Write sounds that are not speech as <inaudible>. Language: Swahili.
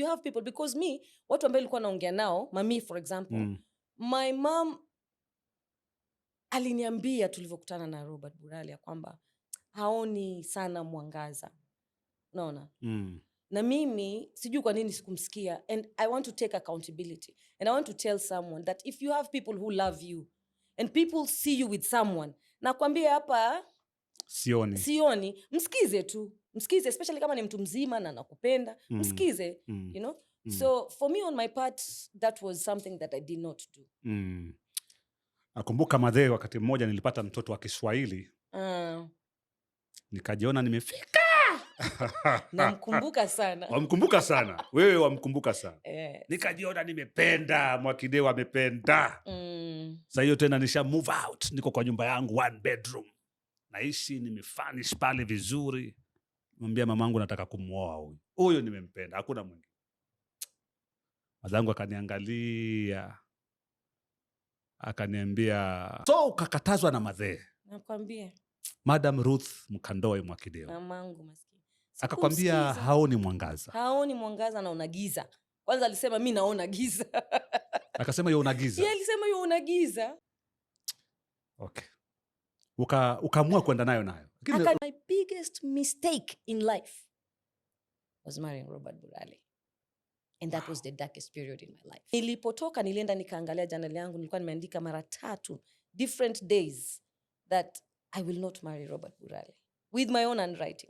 you have people because me watu ambao nilikuwa naongea nao mami for example mm. my mom aliniambia tulivyokutana na Robert Burali ya kwamba haoni sana mwangaza unaona mm. na mimi sijui kwa nini sikumsikia and i want to take accountability and i want to tell someone that if you have people who love you and people see you with someone nakwambia hapa sioni, sioni, msikize tu, msikize especially kama ni mtu mzima na nakupenda, mm. msikize mm. you know mm. so for me on my part that was something that I did not do mm. Nakumbuka madhe, wakati mmoja nilipata mtoto wa Kiswahili uh. Nikajiona nimefika <laughs> namkumbuka sana wamkumbuka sana wewe, wamkumbuka sana <laughs> yes. Nikajiona nimependa, Mwakideu amependa mm. Saa hiyo tena nisha move out, niko kwa nyumba yangu one bedroom naishi nimefanish pale vizuri, mwambia mamangu nataka kumwoa huyu huyu, nimempenda hakuna mwingine. Mazangu akaniangalia akaniambia, so ukakatazwa na madhee? Nakwambia Madam Ruth Mkandoe Mwakideo, mamangu akakwambia haoni mwangaza, haoni mwangaza, na unagiza Kwanza alisema mi naona giza akasema yo una giza, yeye alisema yo unagiza Okay ukaamua kwenda nayo nayo. biggest mistake in life was marrying Robert And that was the darkest period in my life. Nilipotoka nilienda nikaangalia janali yangu, nilikuwa nimeandika mara tatu different days that I will not marry Robert Burale with my own handwriting.